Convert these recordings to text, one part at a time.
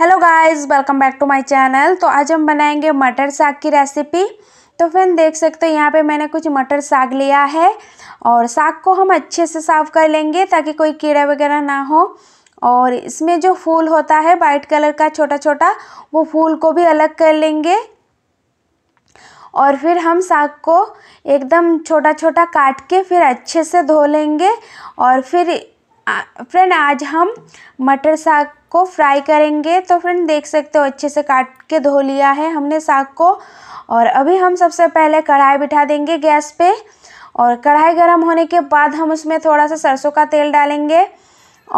Hello guys welcome back to my channel तो आज हम बनाएंगे मटर साग की रेसिपी तो फ्रेंड देख सकते हो यहाँ पे मैंने कुछ मटर साग लिया है और साग को हम अच्छे से साफ़ कर लेंगे ताकि कोई कीड़ा वगैरह ना हो और इसमें जो फूल होता है वाइट कलर का छोटा छोटा वो फूल को भी अलग कर लेंगे और फिर हम साग को एकदम छोटा छोटा काट के फिर अच्छे से धो लेंगे और फिर फ्रेंड आज हम मटर साग को फ्राई करेंगे तो फ्रेंड देख सकते हो अच्छे से काट के धो लिया है हमने साग को और अभी हम सबसे पहले कढ़ाई बिठा देंगे गैस पे और कढ़ाई गर्म होने के बाद हम उसमें थोड़ा सा सरसों का तेल डालेंगे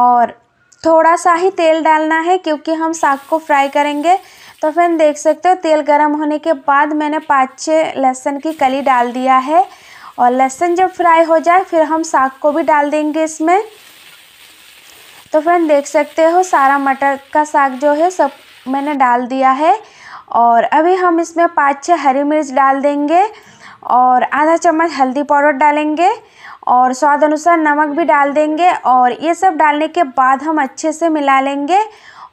और थोड़ा सा ही तेल डालना है क्योंकि हम साग को फ्राई करेंगे तो फ्रेंड देख सकते हो तेल गर्म होने के बाद मैंने पाँच छः लहसुन की कली डाल दिया है और लहसुन जब फ्राई हो जाए फिर हम साग को भी डाल देंगे इसमें तो फ्रेंड देख सकते हो सारा मटर का साग जो है सब मैंने डाल दिया है और अभी हम इसमें पाँच छः हरी मिर्च डाल देंगे और आधा चम्मच हल्दी पाउडर डालेंगे और स्वाद अनुसार नमक भी डाल देंगे और ये सब डालने के बाद हम अच्छे से मिला लेंगे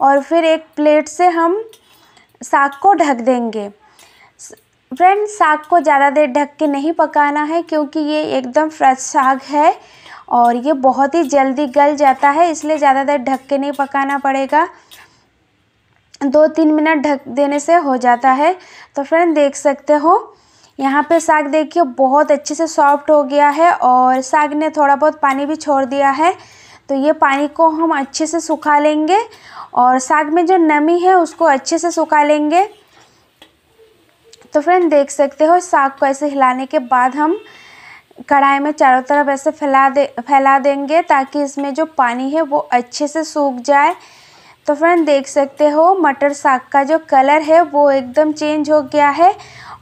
और फिर एक प्लेट से हम साग को ढक देंगे फ्रेंड साग को ज़्यादा देर ढक के नहीं पकाना है क्योंकि ये एकदम फ्रेश साग है और ये बहुत ही जल्दी गल जाता है इसलिए ज़्यादा देर ढक के नहीं पकाना पड़ेगा दो तीन मिनट ढक देने से हो जाता है तो फ्रेंड देख सकते हो यहाँ पे साग देखिए बहुत अच्छे से सॉफ्ट हो गया है और साग ने थोड़ा बहुत पानी भी छोड़ दिया है तो ये पानी को हम अच्छे से सुखा लेंगे और साग में जो नमी है उसको अच्छे से सुखा लेंगे तो फ्रेंड देख सकते हो साग को ऐसे हिलाने के बाद हम कढ़ाई में चारों तरफ ऐसे फैला दे फैला देंगे ताकि इसमें जो पानी है वो अच्छे से सूख जाए तो फ्रेंड देख सकते हो मटर साग का जो कलर है वो एकदम चेंज हो गया है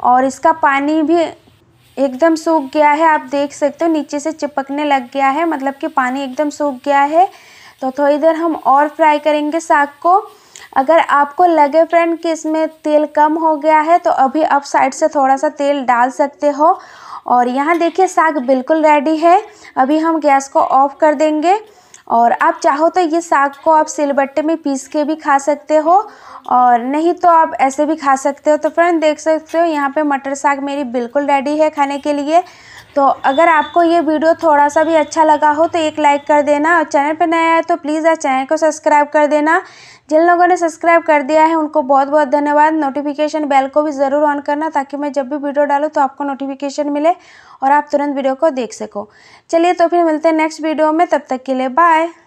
और इसका पानी भी एकदम सूख गया है आप देख सकते हो नीचे से चिपकने लग गया है मतलब कि पानी एकदम सूख गया है तो थोड़ी तो देर हम और फ्राई करेंगे साग को अगर आपको लगे फ्रेंड कि इसमें तेल कम हो गया है तो अभी आप साइड से थोड़ा सा तेल डाल सकते हो और यहाँ देखिए साग बिल्कुल रेडी है अभी हम गैस को ऑफ कर देंगे और आप चाहो तो ये साग को आप सिलबट्टे में पीस के भी खा सकते हो और नहीं तो आप ऐसे भी खा सकते हो तो फ्रेंड देख सकते हो यहाँ पे मटर साग मेरी बिल्कुल रेडी है खाने के लिए तो अगर आपको ये वीडियो थोड़ा सा भी अच्छा लगा हो तो एक लाइक कर देना और चैनल पर नया है तो प्लीज़ आप चैनल को सब्सक्राइब कर देना जिन लोगों ने सब्सक्राइब कर दिया है उनको बहुत बहुत धन्यवाद नोटिफिकेशन बेल को भी ज़रूर ऑन करना ताकि मैं जब भी वीडियो डालूँ तो आपको नोटिफिकेशन मिले और आप तुरंत वीडियो को देख सको चलिए तो फिर मिलते हैं नेक्स्ट वीडियो में तब तक के लिए बाय Bye.